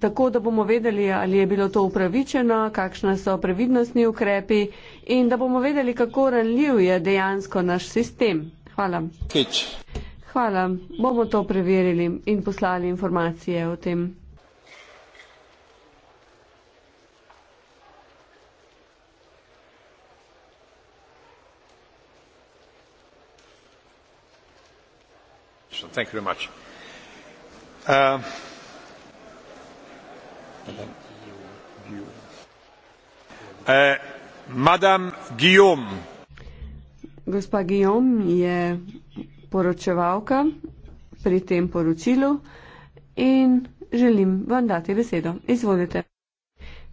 tako da bomo vedeli, ali je bilo to upravičeno, kakšne so previdnostni ukrepi in da bomo vedeli, kako ranljiv je dejansko naš sistem. Hvala. Kič. Hvala. Bomo to preverili in poslali informacije o tem. So, thank you very much. Uh, president. Eh, Gospa Guillaume je poročevalka pri tem poročilu in želim vam dati besedo. Izvolite.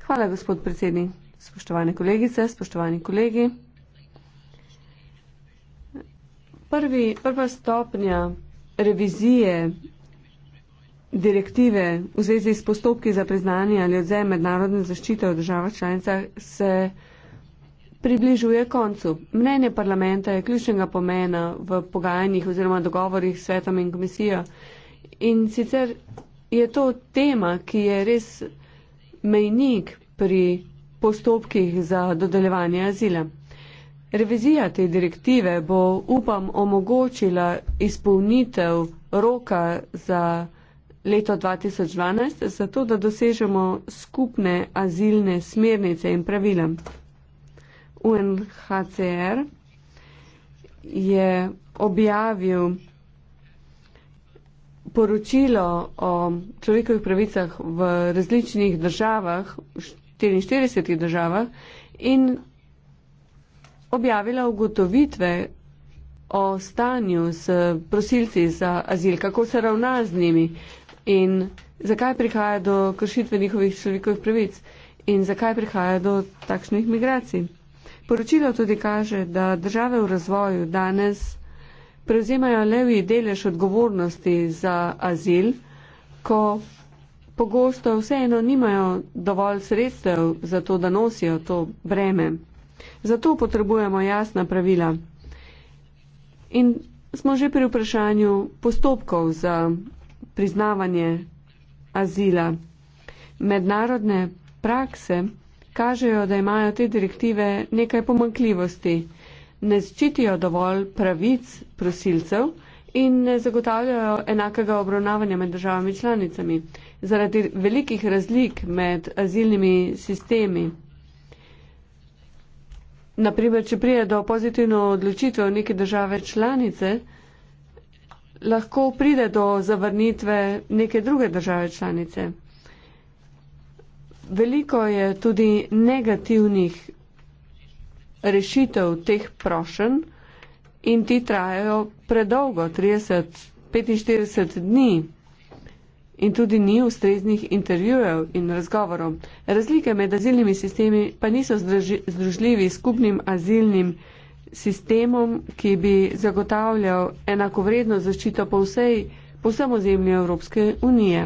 Hvala, gospod predsednik. Spoštovane kolegice, spoštovani kolegi. Prvi, prva stopnja revizije direktive v zvezi s postopki za priznanje ali odzem mednarodne zaščite v državah članicah se približuje koncu. Mnenje parlamenta je ključnega pomena v pogajanjih oziroma dogovorih s svetom in komisijo. In sicer je to tema, ki je res mejnik pri postopkih za dodeljevanje azila. Revizija te direktive bo, upam, omogočila izpolnitev roka za leto 2012, zato da dosežemo skupne azilne smernice in pravila. UNHCR je objavil poročilo o človekovih pravicah v različnih državah, 44 državah, in objavila ugotovitve o stanju s prosilci za azil, kako se ravna z njimi, in zakaj prihaja do kršitve njihovih človekovih pravic in zakaj prihaja do takšnih migracij. Poročilo tudi kaže, da države v razvoju danes prevzemajo levi delež odgovornosti za azil, ko pogosto vseeno nimajo dovolj sredstev za to, da nosijo to breme. Zato potrebujemo jasna pravila. In smo že pri vprašanju postopkov za priznavanje azila. Mednarodne prakse kažejo, da imajo te direktive nekaj pomankljivosti. Ne ščitijo dovolj pravic prosilcev in ne zagotavljajo enakega obravnavanja med državami članicami. Zaradi velikih razlik med azilnimi sistemi, naprimer, če prije do pozitivne odločitve v neke države članice, lahko pride do zavrnitve neke druge države članice. Veliko je tudi negativnih rešitev teh prošen in ti trajajo predolgo, 30-45 dni in tudi ni ustreznih intervjujev in razgovorov. Razlike med azilnimi sistemi pa niso združljivi skupnim azilnim sistemom sistemom, ki bi zagotavljal enakovredno zaščito po vsej, po vsem ozemlju Evropske unije.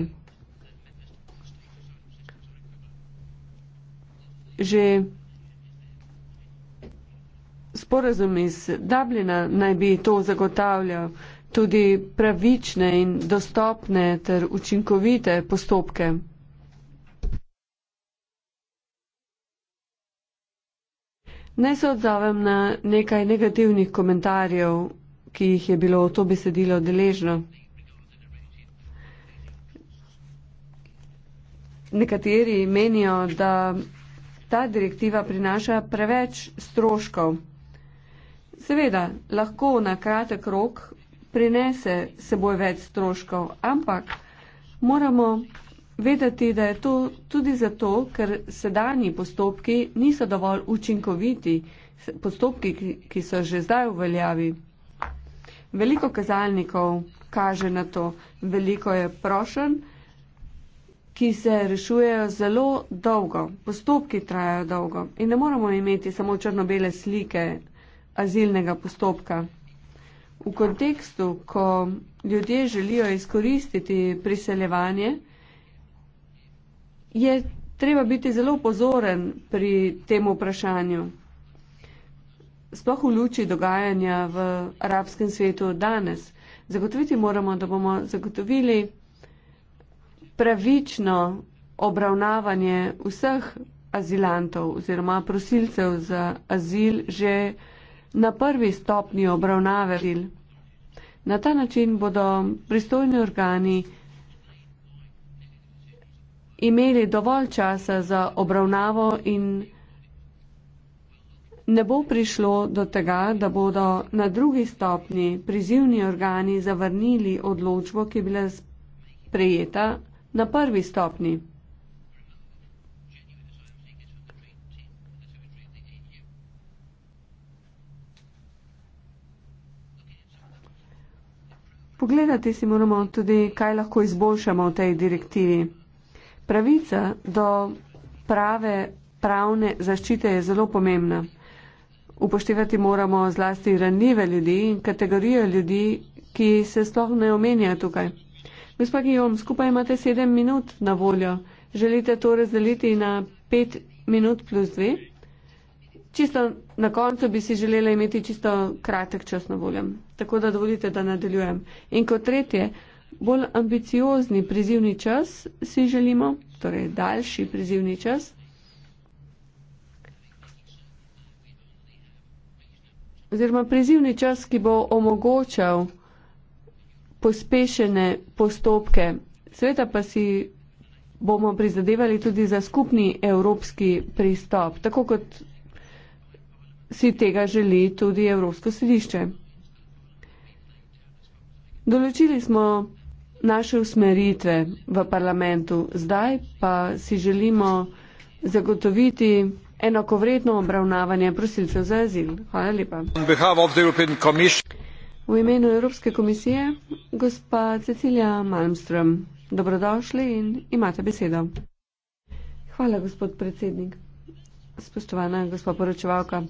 Že sporazum iz Dublina naj bi to zagotavljal tudi pravične in dostopne ter učinkovite postopke. Naj se odzovem na nekaj negativnih komentarjev, ki jih je bilo v to besedilo deležno. Nekateri menijo, da ta direktiva prinaša preveč stroškov. Seveda, lahko na kratek rok prinese seboj več stroškov, ampak moramo vedeti, da je to tudi zato, ker sedanji postopki niso dovolj učinkoviti, postopki, ki so že zdaj v veljavi. Veliko kazalnikov kaže na to, veliko je prošen, ki se rešujejo zelo dolgo, postopki trajajo dolgo in ne moramo imeti samo črno-bele slike azilnega postopka. V kontekstu, ko ljudje želijo izkoristiti priseljevanje, je treba biti zelo pozoren pri tem vprašanju. Sploh v luči dogajanja v arabskem svetu danes. Zagotoviti moramo, da bomo zagotovili pravično obravnavanje vseh azilantov oziroma prosilcev za azil že na prvi stopni obravnave. Na ta način bodo pristojni organi imeli dovolj časa za obravnavo in ne bo prišlo do tega, da bodo na drugi stopni prizivni organi zavrnili odločbo, ki je bila sprejeta na prvi stopni. Pogledati si moramo tudi, kaj lahko izboljšamo v tej direktivi. Pravica do prave pravne zaščite je zelo pomembna. Upoštevati moramo zlasti ranljive ljudi in kategorijo ljudi, ki se sploh ne omenja tukaj. Gospa Gijom, skupaj imate sedem minut na voljo. Želite to razdeliti na pet minut plus dve? Čisto na koncu bi si želela imeti čisto kratek čas na voljo. Tako da dovolite, da nadaljujem. In kot tretje, bolj ambiciozni prizivni čas si želimo, torej daljši prizivni čas. Oziroma prizivni čas, ki bo omogočal pospešene postopke. Sveta pa si bomo prizadevali tudi za skupni evropski pristop, tako kot si tega želi tudi Evropsko središče. Določili smo naše usmeritve v parlamentu. Zdaj pa si želimo zagotoviti enakovredno obravnavanje prosilcev za azil. Hvala lepa. V imenu Evropske komisije, gospa Cecilija Malmström, dobrodošli in imate besedo. Hvala, gospod predsednik. Spoštovana gospa poročevalka.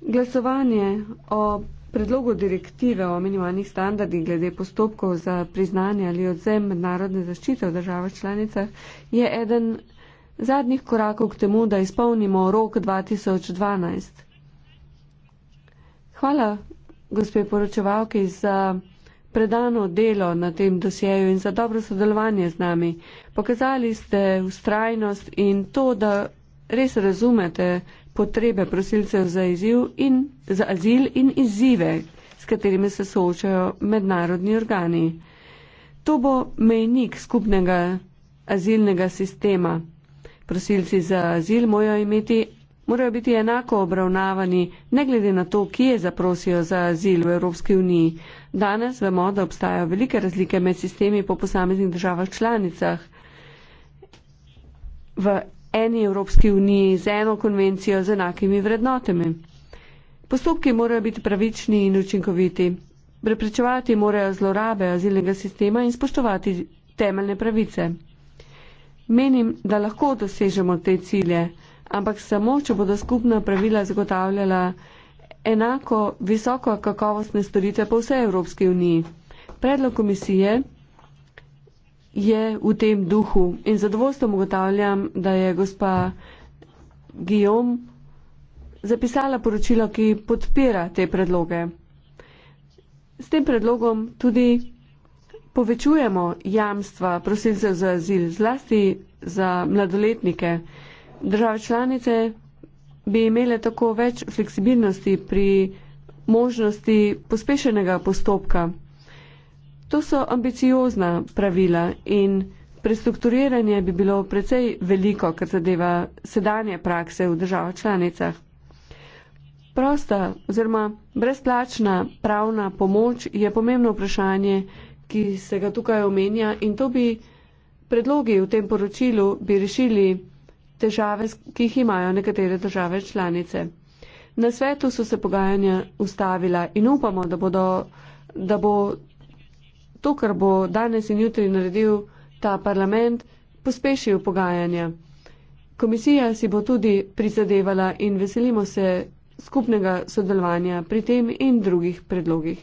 Glasovanje o predlogu direktive o minimalnih standardih glede postopkov za priznanje ali odzem mednarodne zaščite v državah članicah je eden zadnjih korakov k temu, da izpolnimo rok 2012. Hvala, gospe poročevalki, za predano delo na tem dosjeju in za dobro sodelovanje z nami. Pokazali ste ustrajnost in to, da res razumete, potrebe prosilcev za, in, za azil in izzive, s katerimi se soočajo mednarodni organi. To bo mejnik skupnega azilnega sistema. Prosilci za azil morajo, imeti, morajo biti enako obravnavani, ne glede na to, kje zaprosijo za azil v Evropski uniji. Danes vemo, da obstajajo velike razlike med sistemi po posameznih državah članicah. V eni Evropski uniji z eno konvencijo z enakimi vrednotami. Postopki morajo biti pravični in učinkoviti. Preprečevati morajo zlorabe azilnega sistema in spoštovati temeljne pravice. Menim, da lahko dosežemo te cilje, ampak samo, če bodo skupna pravila zagotavljala enako visoko kakovostne storitve po vsej Evropski uniji. Predlog komisije je v tem duhu. In zadovoljstvom ugotavljam, da je gospa Guillaume zapisala poročilo, ki podpira te predloge. S tem predlogom tudi povečujemo jamstva prosilcev za azil, zlasti za mladoletnike. Države članice bi imele tako več fleksibilnosti pri možnosti pospešenega postopka. To so ambiciozna pravila in prestrukturiranje bi bilo precej veliko, kar zadeva sedanje prakse v državah članicah. Prosta oziroma brezplačna pravna pomoč je pomembno vprašanje, ki se ga tukaj omenja in to bi predlogi v tem poročilu bi rešili težave, ki jih imajo nekatere države članice. Na svetu so se pogajanja ustavila in upamo, da, bodo, da bo to, kar bo danes in jutri naredil ta parlament, pospešil pogajanja. Komisija si bo tudi prizadevala in veselimo se skupnega sodelovanja pri tem in drugih predlogih.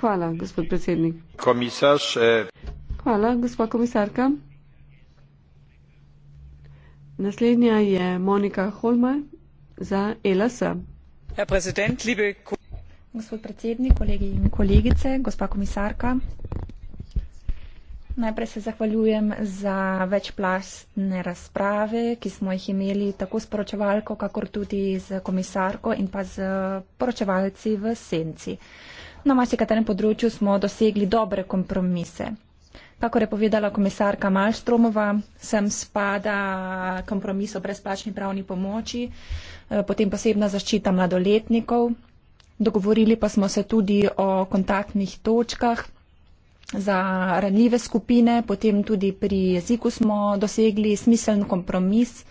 Hvala, gospod predsednik. Komisarš, eh. Hvala, gospa komisarka. Naslednja je Monika Holma za ELAS. Herr Präsident, liebe Kollegen. Gospod predsednik, kolegi in kolegice, gospa komisarka. Najprej se zahvaljujem za večplastne razprave, ki smo jih imeli tako s poročevalko, kakor tudi z komisarko in pa z poročevalci v senci. Na marsikaterem področju smo dosegli dobre kompromise. Kakor je povedala komisarka Malštromova, sem spada kompromis o brezplačni pravni pomoči, eh, potem posebna zaščita mladoletnikov. Dogovorili pa smo se tudi o kontaktnih točkah za ranljive skupine, potem tudi pri jeziku smo dosegli smiseln kompromis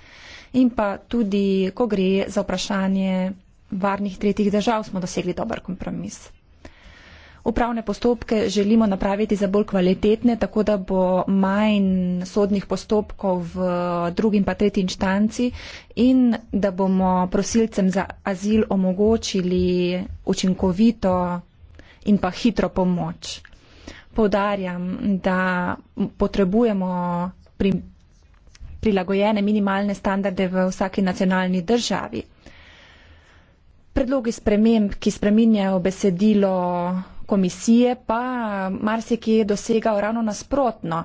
in pa tudi, ko gre za vprašanje varnih tretjih držav, smo dosegli dober kompromis upravne postopke želimo napraviti za bolj kvalitetne, tako da bo manj sodnih postopkov v drugi in pa tretji inštanci in da bomo prosilcem za azil omogočili učinkovito in pa hitro pomoč. Povdarjam, da potrebujemo pri, prilagojene minimalne standarde v vsaki nacionalni državi. Predlogi sprememb, ki spreminjajo besedilo komisije pa marsikje dosegal ravno nasprotno.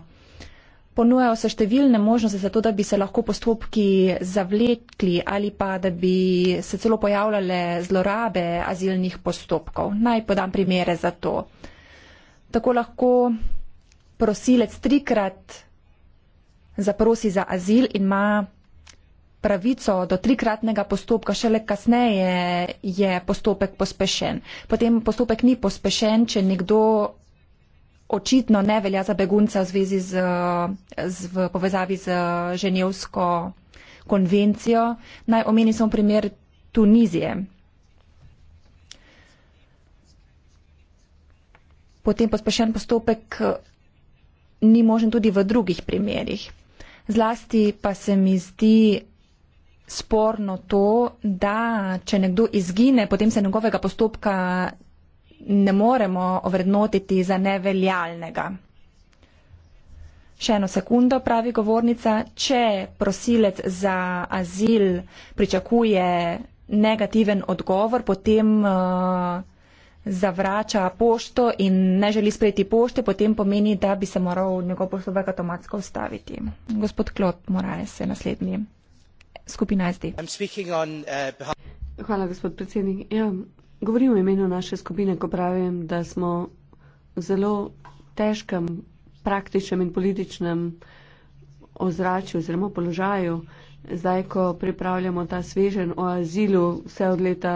Ponujajo se številne možnosti za to, da bi se lahko postopki zavlekli ali pa da bi se celo pojavljale zlorabe azilnih postopkov. Naj podam primere za to. Tako lahko prosilec trikrat zaprosi za azil in ima pravico do trikratnega postopka, šele kasneje je postopek pospešen. Potem postopek ni pospešen, če nekdo očitno ne velja za begunca v zvezi z, z v povezavi z Ženevsko konvencijo. Naj omenim samo primer Tunizije. Potem pospešen postopek ni možen tudi v drugih primerih. Zlasti pa se mi zdi sporno to, da če nekdo izgine, potem se njegovega postopka ne moremo ovrednotiti za neveljalnega. Še eno sekundo, pravi govornica, če prosilec za azil pričakuje negativen odgovor, potem uh, zavrača pošto in ne želi sprejeti pošte, potem pomeni, da bi se moral njegov postopek avtomatsko ustaviti. Gospod Klot, moraj se naslednji skupina SD. Uh, Hvala, gospod predsednik. Ja, govorim v imenu naše skupine, ko pravim, da smo v zelo težkem, praktičnem in političnem ozračju oziroma položaju, zdaj, ko pripravljamo ta svežen o azilu vse od leta,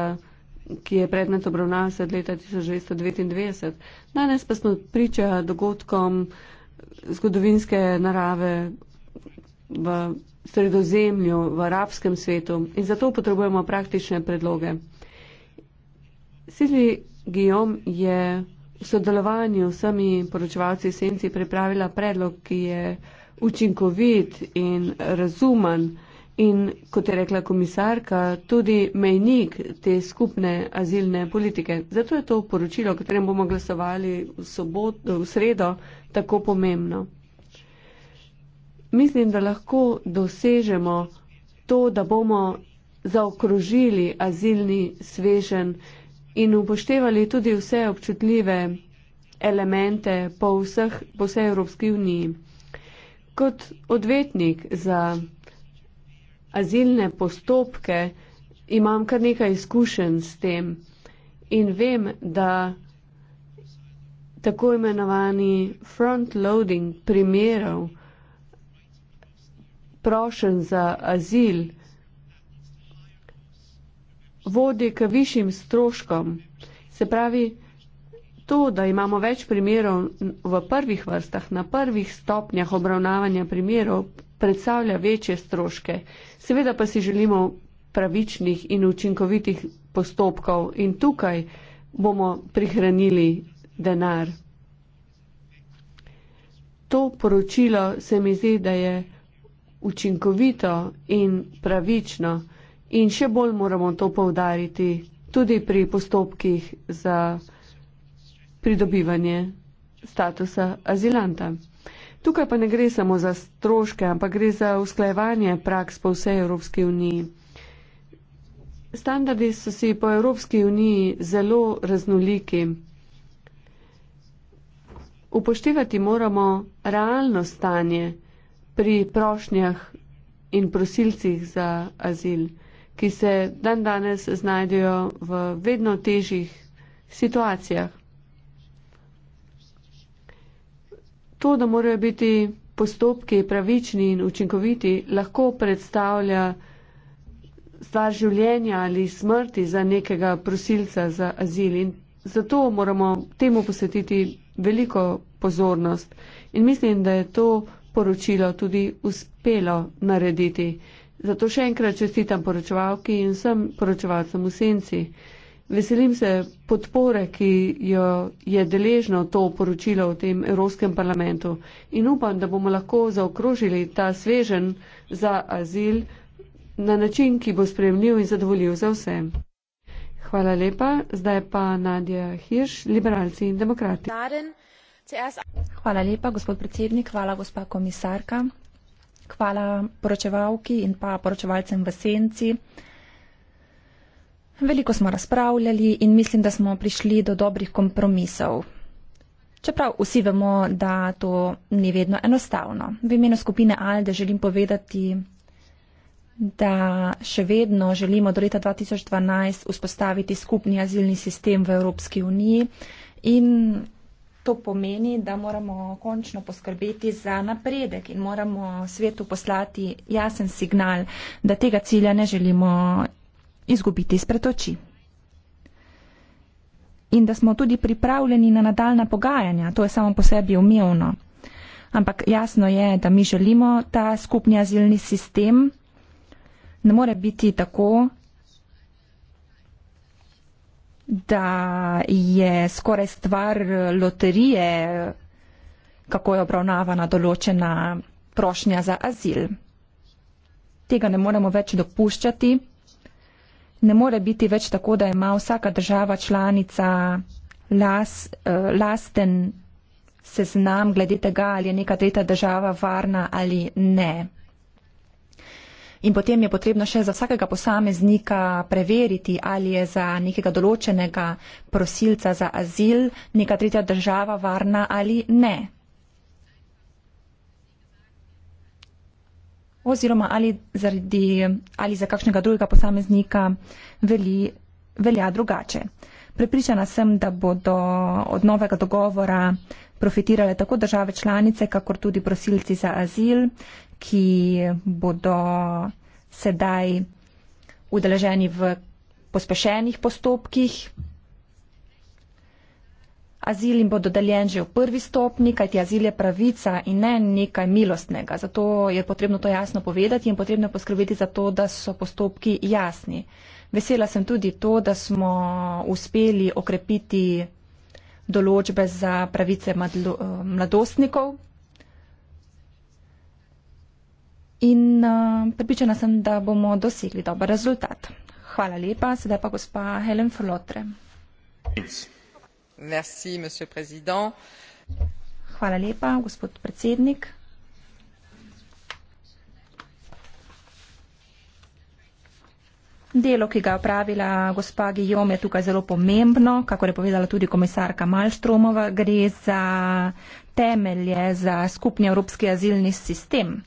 ki je predmet obravnav vse od leta 1999. Danes pa smo priča dogodkom zgodovinske narave v sredozemlju, v arabskem svetu in zato potrebujemo praktične predloge. Sili Guillaume je v sodelovanju s vsemi poročevalci Senci pripravila predlog, ki je učinkovit in razuman in, kot je rekla komisarka, tudi mejnik te skupne azilne politike. Zato je to poročilo, o katerem bomo glasovali v, sobot, v sredo, tako pomembno mislim, da lahko dosežemo to, da bomo zaokrožili azilni svežen in upoštevali tudi vse občutljive elemente po, vseh, po vsej Evropski uniji. Kot odvetnik za azilne postopke imam kar nekaj izkušenj s tem in vem, da tako imenovani front-loading primerov, prošen za azil, vodi k višjim stroškom. Se pravi, to, da imamo več primerov v prvih vrstah, na prvih stopnjah obravnavanja primerov, predstavlja večje stroške. Seveda pa si želimo pravičnih in učinkovitih postopkov in tukaj bomo prihranili denar. To poročilo se mi zdi, da je učinkovito in pravično in še bolj moramo to povdariti tudi pri postopkih za pridobivanje statusa azilanta. Tukaj pa ne gre samo za stroške, ampak gre za usklajevanje praks po vsej Evropski uniji. Standardi so si po Evropski uniji zelo raznoliki. Upoštevati moramo realno stanje, pri prošnjah in prosilcih za azil, ki se dan danes znajdejo v vedno težjih situacijah. To, da morajo biti postopki pravični in učinkoviti, lahko predstavlja stvar življenja ali smrti za nekega prosilca za azil in zato moramo temu posvetiti veliko pozornost. In mislim, da je to poročilo tudi uspelo narediti. Zato še enkrat čestitam poročevalki in vsem poročevalcem v senci. Veselim se podpore, ki jo je deležno to poročilo v tem Evropskem parlamentu in upam, da bomo lahko zaokrožili ta svežen za azil na način, ki bo spremljiv in zadovoljiv za vse. Hvala lepa. Zdaj pa Nadja Hirš, liberalci in demokrati. Darin. Hvala lepa, gospod predsednik, hvala gospa komisarka, hvala poročevalki in pa poročevalcem v senci. Veliko smo razpravljali in mislim, da smo prišli do dobrih kompromisov. Čeprav vsi vemo, da to ni vedno enostavno. V imenu skupine ALDE želim povedati, da še vedno želimo do leta 2012 vzpostaviti skupni azilni sistem v Evropski uniji in To pomeni, da moramo končno poskrbeti za napredek in moramo svetu poslati jasen signal, da tega cilja ne želimo izgubiti izpred oči. In da smo tudi pripravljeni na nadaljna pogajanja, to je samo po sebi umevno. Ampak jasno je, da mi želimo ta skupni azilni sistem. Ne more biti tako, da je skoraj stvar loterije, kako je obravnavana določena prošnja za azil. Tega ne moremo več dopuščati. Ne more biti več tako, da ima vsaka država članica las, eh, lasten seznam glede tega, ali je neka tretja država varna ali ne. In potem je potrebno še za vsakega posameznika preveriti, ali je za nekega določenega prosilca za azil neka tretja država varna ali ne. Oziroma ali, zaradi, ali za kakšnega drugega posameznika veli, velja drugače. Prepričana sem, da bodo od novega dogovora profitirale tako države članice, kakor tudi prosilci za azil, ki bodo sedaj udeleženi v pospešenih postopkih. Azil jim bo dodeljen že v prvi stopni, kajti azil je pravica in ne nekaj milostnega. Zato je potrebno to jasno povedati in potrebno poskrbeti za to, da so postopki jasni. Vesela sem tudi to, da smo uspeli okrepiti določbe za pravice eh, mladostnikov. in eh, pripričana sem, da bomo dosegli dober rezultat. Hvala lepa, sedaj pa gospa Helen Flotre. Merci, Hvala lepa, gospod predsednik. Delo, ki ga je opravila gospa Gijom, je tukaj zelo pomembno, kako je povedala tudi komisarka Malstromova, gre za temelje za skupni evropski azilni sistem.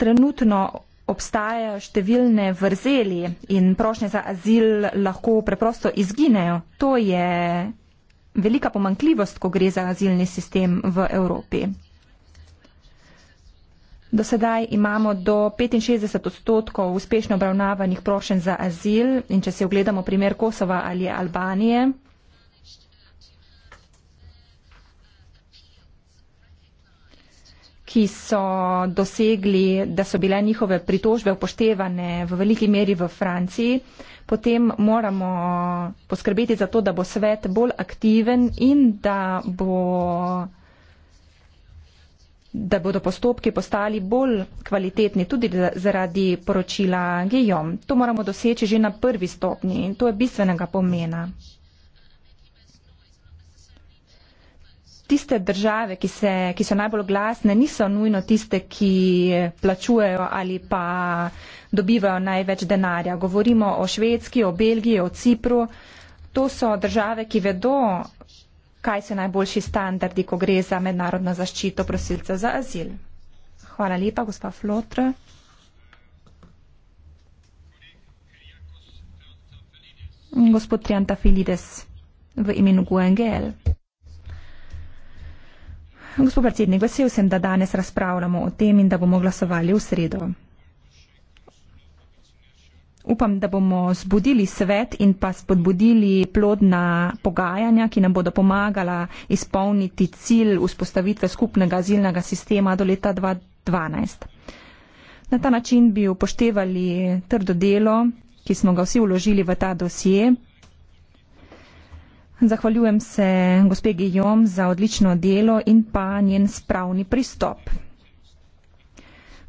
trenutno obstajajo številne vrzeli in prošnje za azil lahko preprosto izginejo. To je velika pomankljivost, ko gre za azilni sistem v Evropi. Do sedaj imamo do 65 odstotkov uspešno obravnavanih prošen za azil in če se ogledamo primer Kosova ali Albanije, ki so dosegli, da so bile njihove pritožbe upoštevane v veliki meri v Franciji, potem moramo poskrbeti za to, da bo svet bolj aktiven in da, bo, da bodo postopki postali bolj kvalitetni tudi zaradi poročila Gijom. To moramo doseči že na prvi stopni in to je bistvenega pomena. tiste države, ki, se, ki so najbolj glasne, niso nujno tiste, ki plačujejo ali pa dobivajo največ denarja. Govorimo o Švedski, o Belgiji, o Cipru. To so države, ki vedo, kaj so najboljši standardi, ko gre za mednarodno zaščito prosilcev za azil. Hvala lepa, gospa Flotre. Gospod Trianta Filides v imenu GUNGL. E Gospod predsednik, vesel sem, da danes razpravljamo o tem in da bomo glasovali v sredo. Upam, da bomo zbudili svet in pa spodbudili plodna pogajanja, ki nam bodo pomagala izpolniti cilj vzpostavitve skupnega azilnega sistema do leta 2012. Na ta način bi upoštevali trdo delo, ki smo ga vsi vložili v ta dosje, Zahvaljujem se gospe Gijom za odlično delo in pa njen spravni pristop.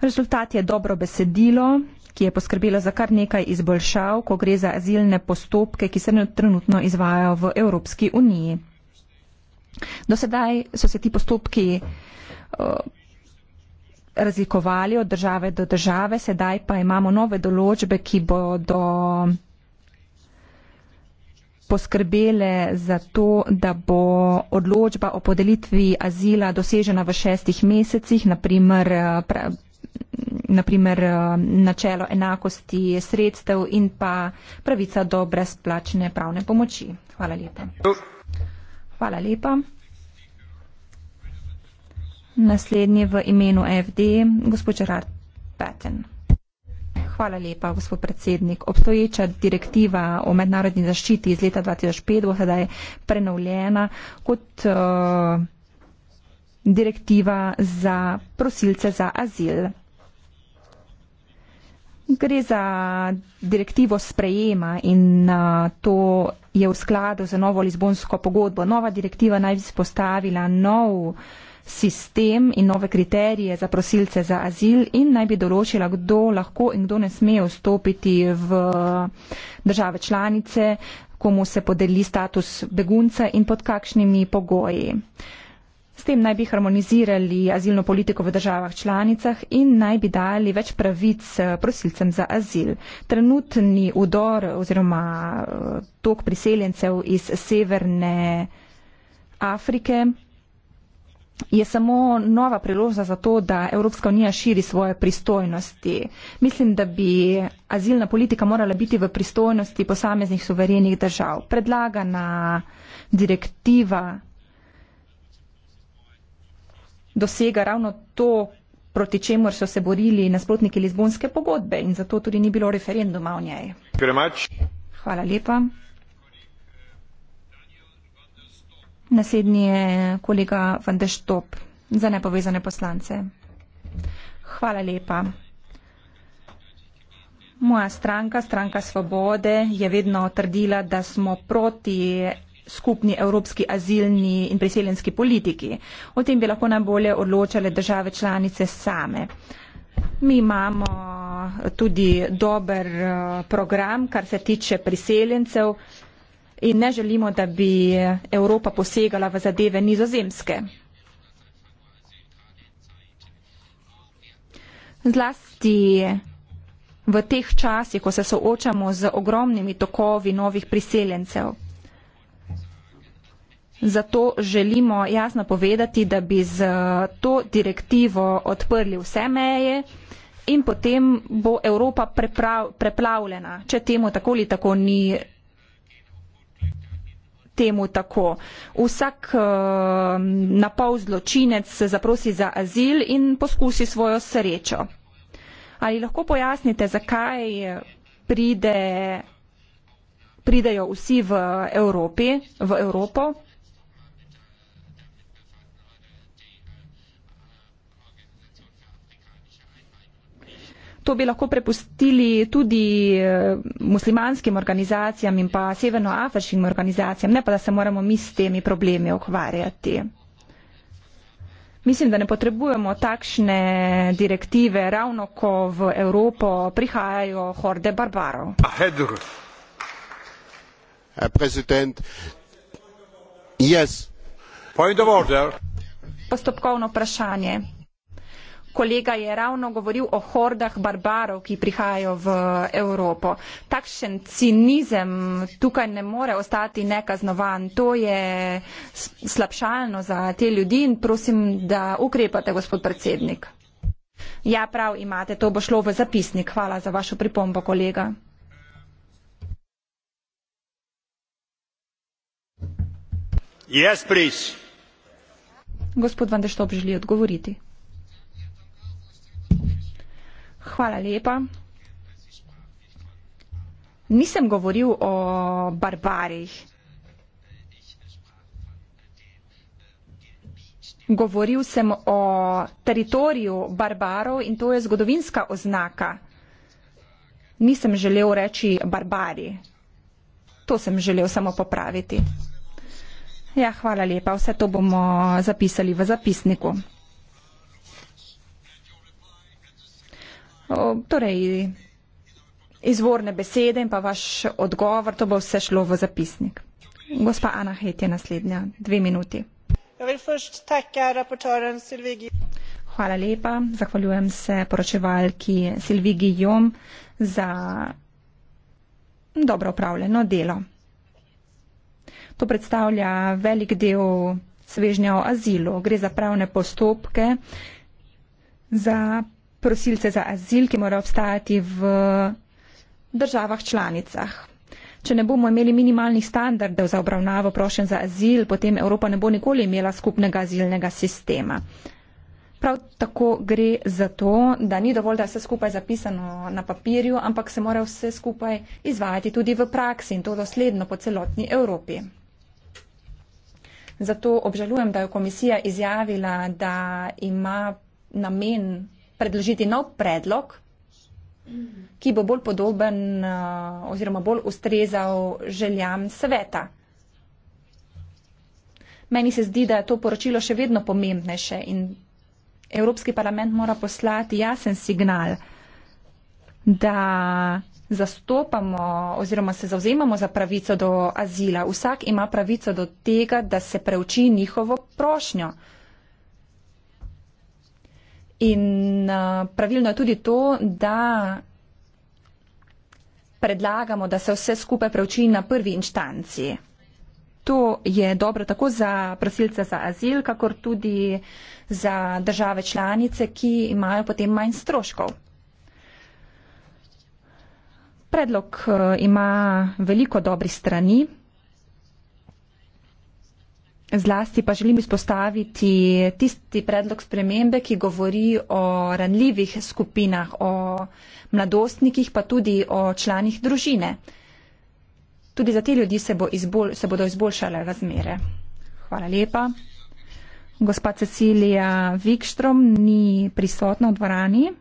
Rezultat je dobro besedilo, ki je poskrbelo za kar nekaj izboljšav, ko gre za azilne postopke, ki se trenutno izvajajo v Evropski uniji. Do sedaj so se ti postopki eh, razlikovali od države do države, sedaj pa imamo nove določbe, ki bodo poskrbele za to, da bo odločba o podelitvi azila dosežena v šestih mesecih, naprimer, eh, pra, naprimer eh, načelo enakosti sredstev in pa pravica do brezplačne pravne pomoči. Hvala lepa. Hvala lepa. Naslednji v imenu FD, gospod Gerard Batten. Hvala lepa, gospod predsednik. Obstoječa direktiva o mednarodni zaščiti iz leta 2005 bo sedaj prenovljena kot uh, direktiva za prosilce za azil. Gre za direktivo sprejema in uh, to je v skladu z novo Lizbonsko pogodbo. Nova direktiva naj bi spostavila nov. Uh, sistem in nove kriterije za prosilce za azil in naj bi določila, kdo lahko in kdo ne sme vstopiti v države članice, komu se podeli status begunca in pod kakšnimi pogoji. S tem naj bi harmonizirali azilno politiko v državah članicah in naj bi dali več pravic eh, prosilcem za azil. Trenutni udor oziroma eh, tok priseljencev iz severne Afrike je samo nova priložnost za to, da Evropska unija širi svoje pristojnosti. Mislim, da bi azilna politika morala biti v pristojnosti posameznih suverenih držav. Predlagana direktiva dosega ravno to, proti čemur so se borili nasprotniki Lizbonske pogodbe in zato tudi ni bilo referenduma o njej. Hvala lepa. Naslednji je kolega Van de Štop za nepovezane poslance. Hvala lepa. Moja stranka, stranka Svobode, je vedno trdila, da smo proti skupni evropski azilni in priseljenski politiki. O tem bi lahko najbolje odločale države članice same. Mi imamo tudi dober eh, program, kar se tiče priseljencev in ne želimo, da bi Evropa posegala v zadeve nizozemske. Zlasti v teh časih, ko se soočamo z ogromnimi tokovi novih priseljencev. Zato želimo jasno povedati, da bi z to direktivo odprli vse meje in potem bo Evropa preplavljena, če temu tako ali tako ni temu tako. Vsak eh, napol zločinec se zaprosi za azil in poskusi svojo srečo. Ali lahko pojasnite, zakaj eh, pride, pridejo vsi v, Evropi, v Evropo? To bi lahko prepustili tudi eh, muslimanskim organizacijam in pa severnoafriškim organizacijam, ne pa da se moramo mi s temi problemi ukvarjati. Mislim, da ne potrebujemo takšne direktive, ravno ko v Evropo prihajajo horde barbarov. Yes. Postopkovno vprašanje kolega je ravno govoril o hordah barbarov, ki prihajajo v Evropo. Takšen cinizem tukaj ne more ostati nekaznovan. To je slabšalno za te ljudi in prosim, da ukrepate, gospod predsednik. Ja, prav imate, to bo šlo v zapisnik. Hvala za vašo pripombo, kolega. Yes, Gospod Vandeštop želi odgovoriti. Hvala lepa. Nisem govoril o barbarih. Govoril sem o teritoriju barbarov in to je zgodovinska oznaka. Nisem želel reči barbari. To sem želel samo popraviti. Ja, hvala lepa. Vse to bomo zapisali v zapisniku. torej izvorne besede in pa vaš odgovor, to bo vse šlo v zapisnik. Gospa Ana Het je naslednja, dve minuti. Hvala lepa, zahvaljujem se poročevalki Silvigi Jom za dobro upravljeno delo. To predstavlja velik del svežnja o azilu. Gre za pravne postopke, za prosilce za azil, ki morajo obstajati v državah članicah. Če ne bomo imeli minimalnih standardov za obravnavo prošen za azil, potem Evropa ne bo nikoli imela skupnega azilnega sistema. Prav tako gre za to, da ni dovolj, da je vse skupaj zapisano na papirju, ampak se mora vse skupaj izvajati tudi v praksi in to dosledno po celotni Evropi. Zato obžalujem, da je komisija izjavila, da ima namen predložiti nov predlog, ki bo bolj podoben eh, oziroma bolj ustrezal željam sveta. Meni se zdi, da je to poročilo še vedno pomembnejše in Evropski parlament mora poslati jasen signal, da zastopamo oziroma se zauzemamo za pravico do azila. Vsak ima pravico do tega, da se preuči njihovo prošnjo. In uh, pravilno je tudi to, da predlagamo, da se vse skupaj preuči na prvi inštanci. To je dobro tako za prosilce za azil, kakor tudi za države članice, ki imajo potem manj stroškov. Predlog eh, ima veliko dobrih strani. Zlasti pa želim izpostaviti tisti predlog spremembe, ki govori o ranljivih skupinah, o mladostnikih, pa tudi o članih družine. Tudi za te ljudi se, bo izbol, se bodo izboljšale razmere. Hvala lepa. Gospa Cecilija Vikštrom ni prisotna v dvorani.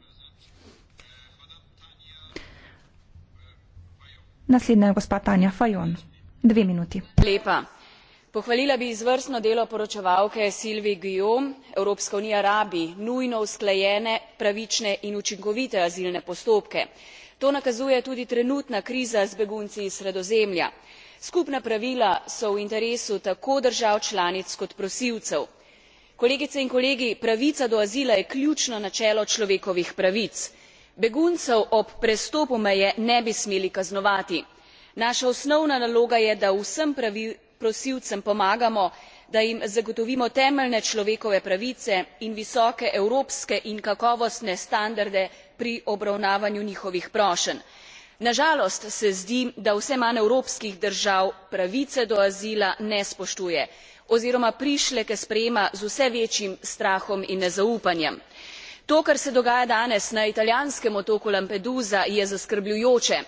Naslednja je gospa Tanja Fajon. Dve minuti. Lepa pohvalila bi izvrstno delo poročevalke sylvie guillaume evropska unija rabi nujno usklajene pravične in učinkovite azilne postopke. to nakazuje tudi trenutna kriza z begunci iz sredozemlja. skupna pravila so v interesu tako držav članic kot prosilcev. kolegice in kolegi pravica do azila je ključno načelo človekovih pravic. beguncev ob prestopu meje ne bi smeli kaznovati. naša osnovna naloga je da vsem prosilcem pomagamo da jim zagotovimo temeljne človekove pravice in visoke evropske in kakovostne standarde pri obravnavanju njihovih prošenj. na žalost se zdi da vse manj evropskih držav pravice do azila ne spoštuje oziroma prišleke sprejema z vse večjim strahom in nezaupanjem. to kar se dogaja danes na italijanskem otoku lampedusa je zaskrbljujoče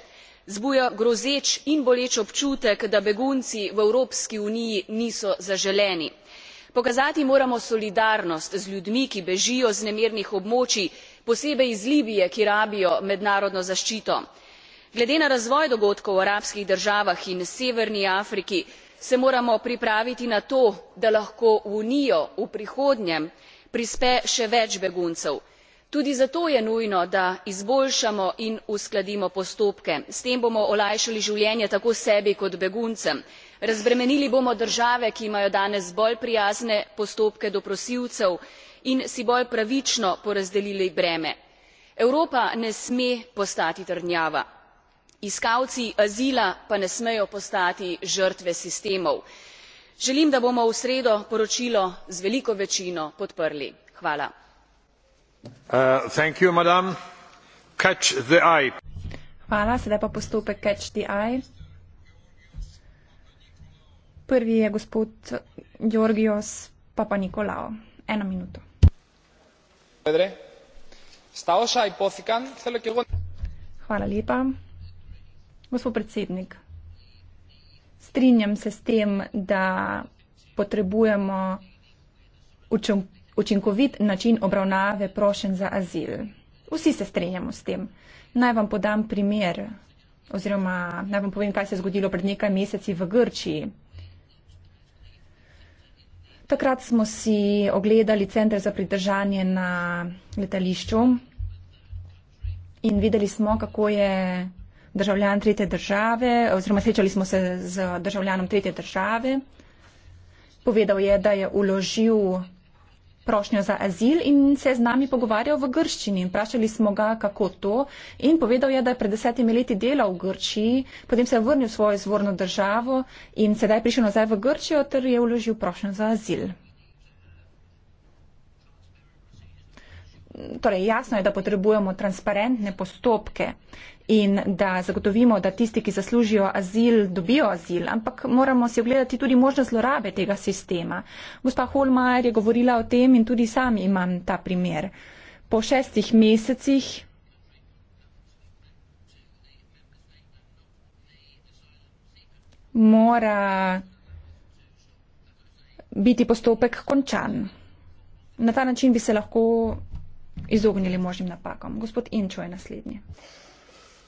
zbuja grozeč in boleč občutek da begunci v evropski uniji niso zaželeni. pokazati moramo solidarnost z ljudmi ki bežijo z nemirnih območij posebej iz libije ki rabijo mednarodno zaščito. glede na razvoj dogodkov v arabskih državah in severni afriki se moramo pripraviti na to da lahko v unijo v prihodnjem prispe še več beguncev tudi zato je nujno da izboljšamo in uskladimo postopke s tem bomo olajšali življenje tako sebi kot beguncem razbremenili bomo države ki imajo danes bolj prijazne postopke do prosilcev in si bolj pravično porazdelili breme. evropa ne sme postati trdnjava iskalci azila pa ne smejo postati žrtve sistemov. želim da bomo v sredo poročilo z veliko večino podprli. Uh, hvala sedaj pa postopek catch the eye prvi je gospod Georgios Papanikolaou ena minuta Hvala lepa. Gospod predsednik, strinjam se s tem, da potrebujemo učinkovit način obravnave prošen za azil. Vsi se strenjamo s tem. Naj vam podam primer oziroma naj vam povem, kaj se je zgodilo pred nekaj meseci v Grčiji. Takrat smo si ogledali center za pridržanje na letališču in videli smo, kako je državljan tretje države, oziroma srečali smo se z državljanom tretje države. Povedal je, da je uložil prošnjo za azil in se je z nami pogovarjal v grščini. Vprašali smo ga, kako to in povedal je, da je pred desetimi leti delal v Grčiji, potem se je vrnil v svojo izvorno državo in sedaj je prišel nazaj v Grčijo ter je vložil prošnjo za azil. Torej, jasno je, da potrebujemo transparentne postopke in da zagotovimo, da tisti, ki zaslužijo azil, dobijo azil, ampak moramo si ogledati tudi možnost zlorabe tega sistema. Gospa Holmajer je govorila o tem in tudi sam imam ta primer. Po šestih mesecih mora biti postopek končan. Na ta način bi se lahko izognili možnim napakom. Gospod Inčo je naslednji.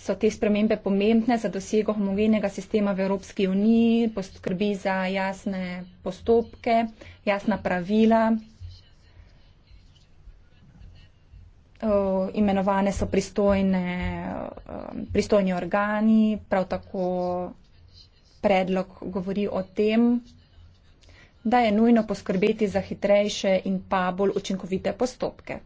so te spremembe pomembne za dosego homogenega sistema v Evropski uniji, poskrbi za jasne postopke, jasna pravila. Imenovane so pristojne, um, pristojni organi, prav tako predlog govori o tem, da je nujno poskrbeti za hitrejše in pa bolj učinkovite postopke.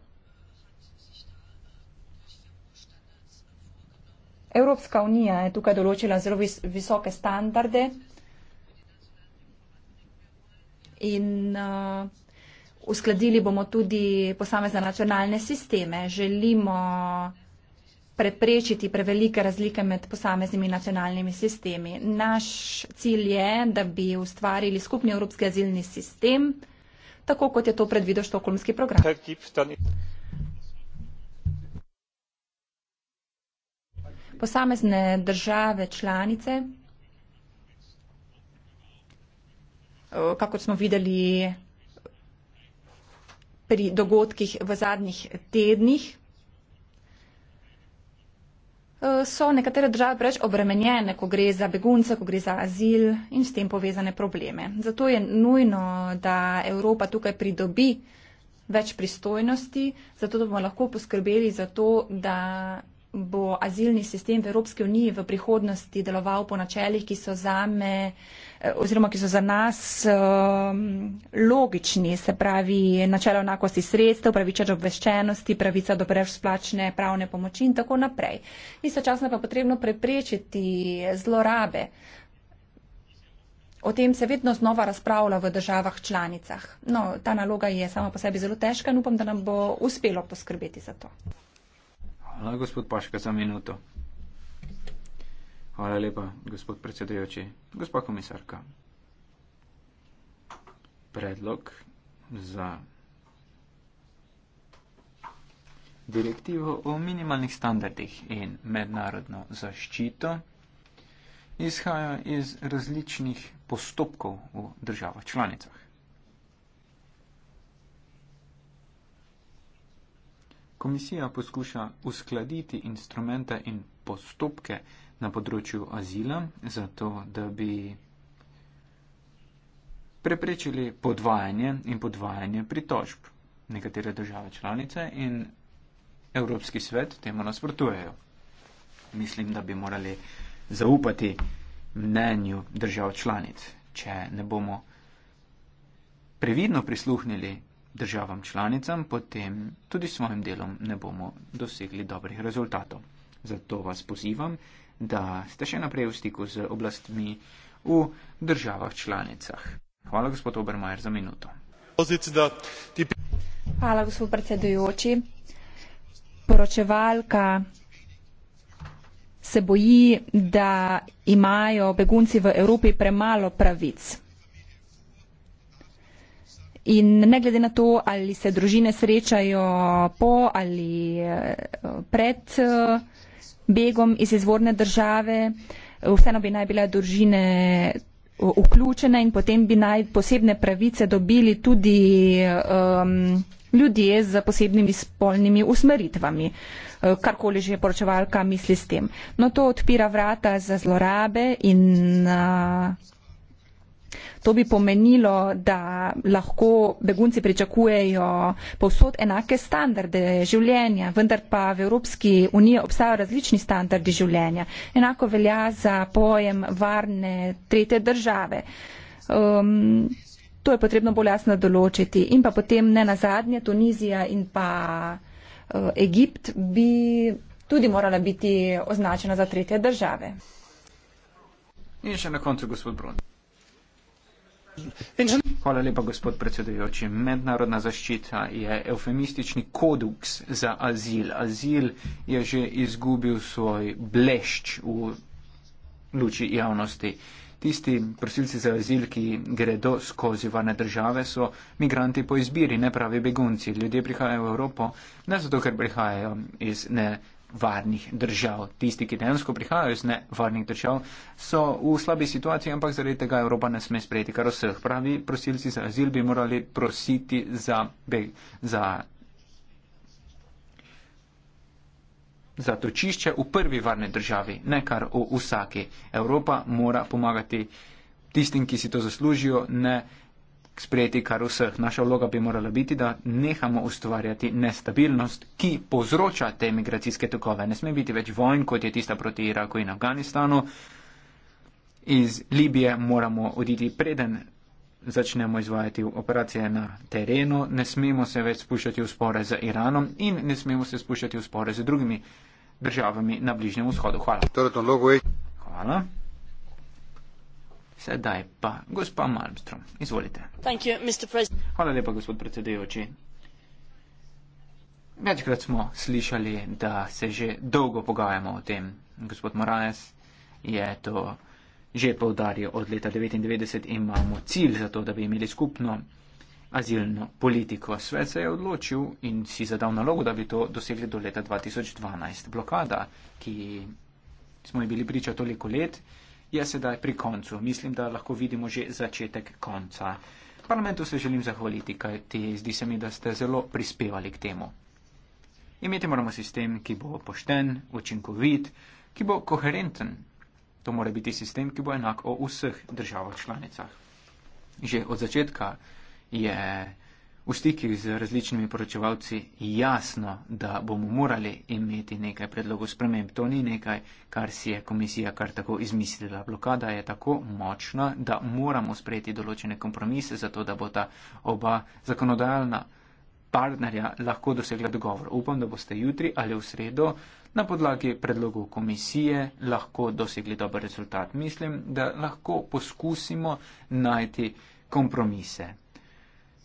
Evropska unija je tukaj določila zelo vis visoke standarde in uh, uskladili bomo tudi posamezne nacionalne sisteme. Želimo preprečiti prevelike razlike med posameznimi nacionalnimi sistemi. Naš cilj je, da bi ustvarili skupni evropski azilni sistem, tako kot je to predvidel štokolmski program. Tako, posamezne države članice. Kako smo videli pri dogodkih v zadnjih tednih, so nekatere države preveč obremenjene, ko gre za begunce, ko gre za azil in s tem povezane probleme. Zato je nujno, da Evropa tukaj pridobi več pristojnosti, zato da bomo lahko poskrbeli za to, da bo azilni sistem v Evropski uniji v prihodnosti deloval po načeljih, ki so za me eh, oziroma ki so za nas um, logični, se pravi načelo enakosti sredstev, pravica do obveščenosti, pravica do brezplačne pravne pomoči in tako naprej. Istočasno pa potrebno preprečiti zlorabe. O tem se vedno znova razpravlja v državah članicah. No, ta naloga je sama po sebi zelo težka in upam, da nam bo uspelo poskrbeti za to. Hvala, gospod Paška, za minuto. Hvala lepa, gospod predsedujoči. Gospa komisarka, predlog za direktivo o minimalnih standardih in mednarodno zaščito izhaja iz različnih postopkov v državah članicah. Komisija poskuša uskladiti instrumente in postopke na področju azila, zato da bi preprečili podvajanje in podvajanje pritožb. Nekatere države članice in Evropski svet temu nasprotujejo. Mislim, da bi morali zaupati mnenju držav članic, če ne bomo previdno prisluhnili državam članicam, potem tudi s svojim delom ne bomo dosegli dobrih rezultatov. Zato vas pozivam, da ste še naprej v stiku z oblastmi v državah članicah. Hvala, gospod Obermajer, za minuto. Hvala, gospod predsedujoči. Poročevalka se boji, da imajo begunci v Evropi premalo pravic. In ne glede na to, ali se družine srečajo po ali eh, pred eh, begom iz izvorne države, vseeno bi naj bila družine eh, vključene in potem bi naj posebne pravice dobili tudi um, ljudje z posebnimi spolnimi usmeritvami, karkoli že poročevalka misli s tem. No, to odpira vrata za zlorabe in uh, To bi pomenilo, da lahko begunci pričakujejo povsod enake standarde življenja, vendar pa v Evropski uniji obstajajo različni standardi življenja. Enako velja za pojem varne trete države. Um, to je potrebno bolj jasno določiti. In pa potem ne na zadnje, Tunizija in pa uh, Egipt bi tudi morala biti označena za tretje države. In še na koncu, gospod Bruno. Hvala lepa, gospod predsedujoči. Mednarodna zaščita je eufemistični kodeks za azil. Azil je že izgubil svoj blešč v luči javnosti. Tisti prosilci za azil, ki gredo skozi varne države, so migranti po izbiri, ne pravi begunci. Ljudje prihajajo v Evropo ne zato, ker prihajajo iz ne varnih držav. Tisti, ki dejansko prihajajo iz nevarnih držav, so v slabi situaciji, ampak zaradi tega Evropa ne sme sprejeti kar vseh. Pravi, prosilci za azil bi morali prositi za, za, za točišče v prvi varni državi, ne kar v vsaki. Evropa mora pomagati tistim, ki si to zaslužijo, ne sprejeti kar vseh. Naša vloga bi morala biti, da nehamo ustvarjati nestabilnost, ki povzroča te migracijske tokove. Ne sme biti več vojn, kot je tista proti Iraku in Afganistanu. Iz Libije moramo oditi preden začnemo izvajati operacije na terenu, ne smemo se več spuščati v spore z Iranom in ne smemo se spuščati v spore z drugimi državami na Bližnjem vzhodu. Hvala. Torej, Hvala. Sedaj pa gospa Malmström, izvolite. You, Hvala lepa, gospod predsedujoči. Večkrat smo slišali, da se že dolgo pogajamo o tem. Gospod Moraes je to že povdaril od leta 99 in imamo cilj za to, da bi imeli skupno azilno politiko. Svet se je odločil in si zadal nalogo, da bi to dosegli do leta 2012. Blokada, ki smo ji bili priča toliko let, je sedaj pri koncu. Mislim, da lahko vidimo že začetek konca. Parlamentu se želim zahvaliti, kajti zdi se mi, da ste zelo prispevali k temu. Imeti moramo sistem, ki bo pošten, učinkovit, ki bo koherenten. To mora biti sistem, ki bo enak o vseh državah članicah. Že od začetka je v stikih z različnimi poročevalci jasno, da bomo morali imeti nekaj predlogov sprememb. To ni nekaj, kar si je komisija kar tako izmislila. Blokada je tako močna, da moramo sprejeti določene kompromise, zato da bo ta oba zakonodajna partnerja lahko dosegla dogovor. Upam, da boste jutri ali v sredo na podlagi predlogov komisije lahko dosegli dober rezultat. Mislim, da lahko poskusimo najti kompromise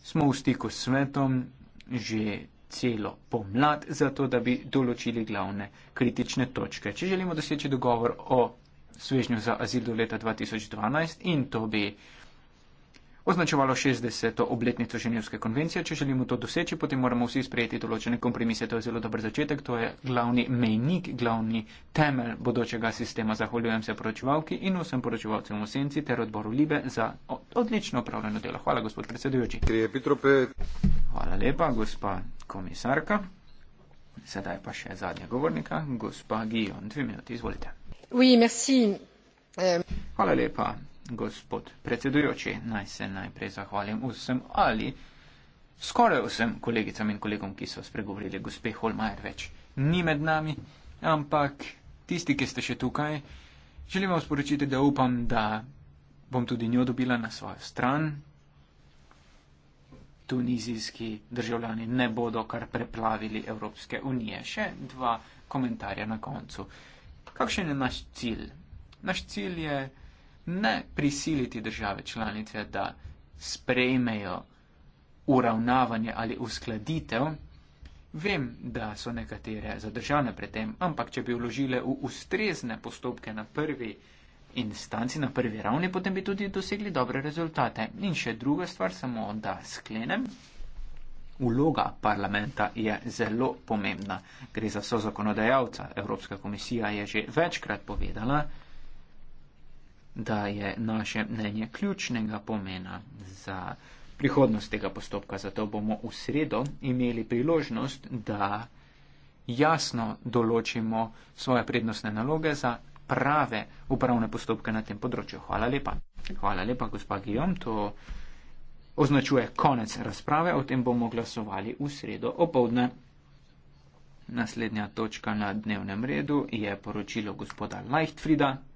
smo v stiku s svetom že celo pomlad, zato da bi določili glavne kritične točke. Če želimo doseči dogovor o svežnju za azil do leta 2012 in to bi označevalo 60. obletnico Ženevske konvencije. Če želimo to doseči, potem moramo vsi sprejeti določene kompromise. To je zelo dober začetek, to je glavni mejnik, glavni temelj bodočega sistema. Zahvaljujem se poročevalki in vsem poročevalcem v Senci ter odboru Libe za odlično upravljeno delo. Hvala, gospod predsedujoči. Hvala lepa, gospa komisarka. Sedaj pa še zadnja govornika, gospa Gijon. Dve minuti, izvolite. Hvala lepa gospod predsedujoči, naj se najprej zahvalim vsem ali skoraj vsem kolegicam in kolegom, ki so spregovorili, gospe Holmajer več ni med nami, ampak tisti, ki ste še tukaj, želim vam sporočiti, da upam, da bom tudi njo dobila na svojo stran. Tunizijski državljani ne bodo kar preplavili Evropske unije. Še dva komentarja na koncu. Kakšen je naš cilj? Naš cilj je ne prisiliti države članice, da sprejmejo uravnavanje ali uskladitev. Vem, da so nekatere zadržane pred tem, ampak če bi vložile v ustrezne postopke na prvi instanci, na prvi ravni, potem bi tudi dosegli dobre rezultate. In še druga stvar, samo da sklenem. Uloga parlamenta je zelo pomembna. Gre za so zakonodajalca. Evropska komisija je že večkrat povedala, da je naše mnenje ključnega pomena za prihodnost tega postopka. Zato bomo v sredo imeli priložnost, da jasno določimo svoje prednostne naloge za prave upravne postopke na tem področju. Hvala lepa. Hvala lepa, gospa Gijom. To označuje konec razprave. O tem bomo glasovali v sredo opovdne. Naslednja točka na dnevnem redu je poročilo gospoda Leichtfrida.